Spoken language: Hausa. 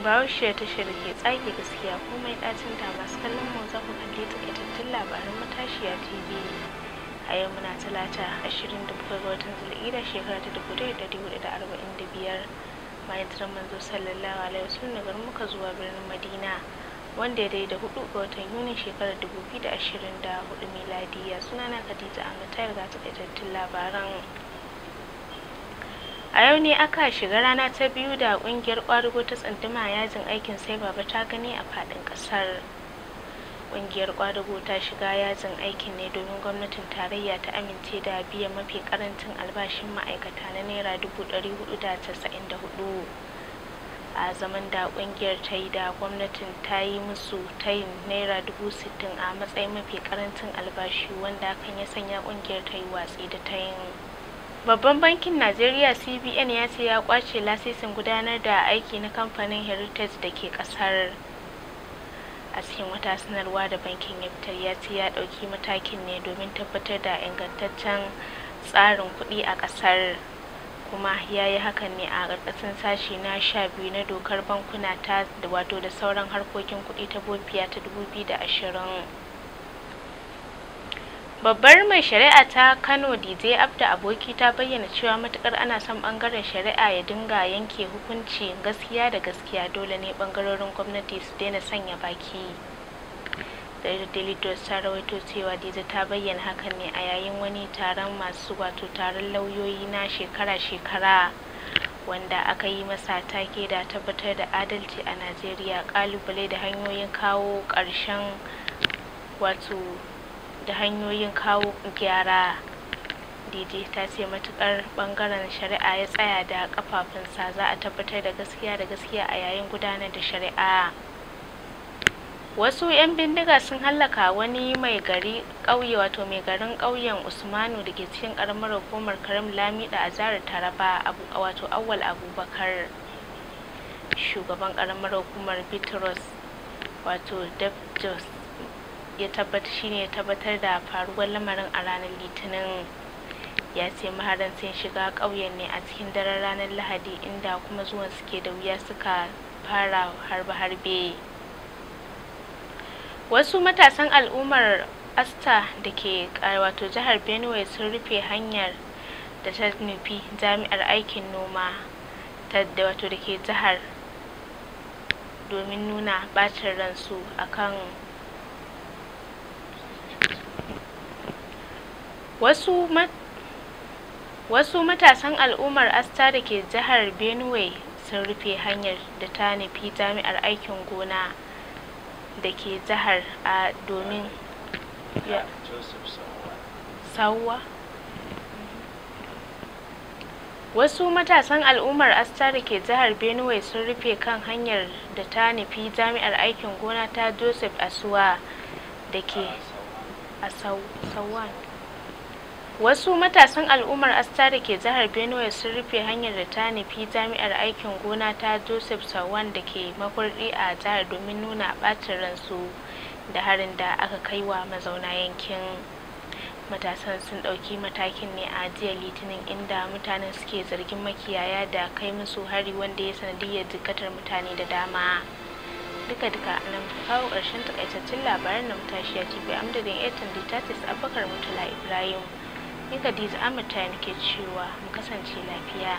Bahaushe ta da ke tsage gaskiya komai ɗacin ta masu kallon mu za ku kalli takaitattun labaran matashiya TV ne. A yau muna talata ashirin da bakwai ga watan Zulƙida shekara ta 1445 bayan jiran manzo sallallahu alaihi wasallam daga muka zuwa birnin Madina wanda ya dai da hudu ga watan Yuni shekarar 2024 miladiya sunana Khadija Amma ta riga takaitattun labaran. a yau ne aka shiga rana ta biyu da kungiyar kwadugo ta tsanduma yajin aikin sai baba ta gani a fadin kasar kungiyar kwadugo ta shiga yajin aikin ne domin gwamnatin tarayya ta amince da biya mafi karancin albashin ma'aikata na naira 494 a zaman da kungiyar ta yi da gwamnatin ta yi musu ta yi naira dubu sittin a matsayin mafi karancin albashi wanda hakan ya sanya kungiyar ta yi watsi da ta yin Babban Bankin Najeriya CBN ya ce ya kwace lasisin gudanar da aiki na kamfanin Heritage da ke kasar A cikin wata sanarwa da bankin ya fitar ya ce ya ɗauki matakin ne domin tabbatar da ingantaccen tsarin kuɗi a ƙasar. kuma ya yi hakan ne a ƙarƙashin sashi na sha biyu na dokar bankuna ta wato da sauran harkokin kuɗi ta bofiya ta 2020 babbar mai shari'a ta kano dj abda aboki ta bayyana cewa matukar ana son bangaren shari'a ya dinga yanke hukunci gaskiya da gaskiya dole ne bangarorin gwamnati su daina sanya baki da daily ta rawaito cewa dj ta bayyana hakan ne a yayin wani taron masu wato taron lauyoyi na shekara-shekara wanda aka yi masa take da tabbatar da adalci a najeriya kalubale da hanyoyin kawo karshen wato da hanyoyin kawo gyara daidai ta ce matukar bangaren shari'a ya tsaya da kafafunsa za a tabbatar da gaskiya da gaskiya a yayin gudanar da shari'a wasu 'yan bindiga sun hallaka wani mai gari ƙauye wato mai garin ƙauyen usmanu da ke cikin ƙaramar hukumar karim lamida a zarar taraba wato awwal abubakar shugaban ƙaramar hukumar bitrus wato def ya tabbatar shine ya tabbatar da faruwar lamarin a ranar litinin ya ce maharan sun shiga ƙauyen ne a cikin daren ranar lahadi inda kuma zuwan suke da wuya suka fara harbe-harbe wasu matasan al'ummar asta da ke wato jihar benue sun rufe hanyar da ta nufi jami'ar aikin noma ta da wato da ke jihar domin nuna bacin ransu akan wasu wasu matasan al'ummar asta da ke jihar benue sun rufe hanyar da ta nufi jami'ar aikin gona da ke jihar a domin sauwa wasu matasan al'ummar asta da ke jihar benue sun rufe kan hanyar da ta nufi jami'ar aikin gona ta joseph asuwa da ke a sauwan wasu matasan al'ummar asta da ke jihar benue sun rufe hanyar da ta nufi jami'ar aikin gona ta joseph sawan da ke makurdi a jihar domin nuna ɓacin ransu da harin da aka kai wa mazauna yankin matasan sun ɗauki matakin ne a jiya litinin inda mutanen suke zargin makiyaya da kai musu hari wanda ya sanadiyar jikatar mutane da dama duka-duka nan kawo karshen takaitaccen labaran na matashi ya ci amdadin 8 tatis abubakar mutala ibrahim ni Khadija Amurta ke cewa mu kasance lafiya.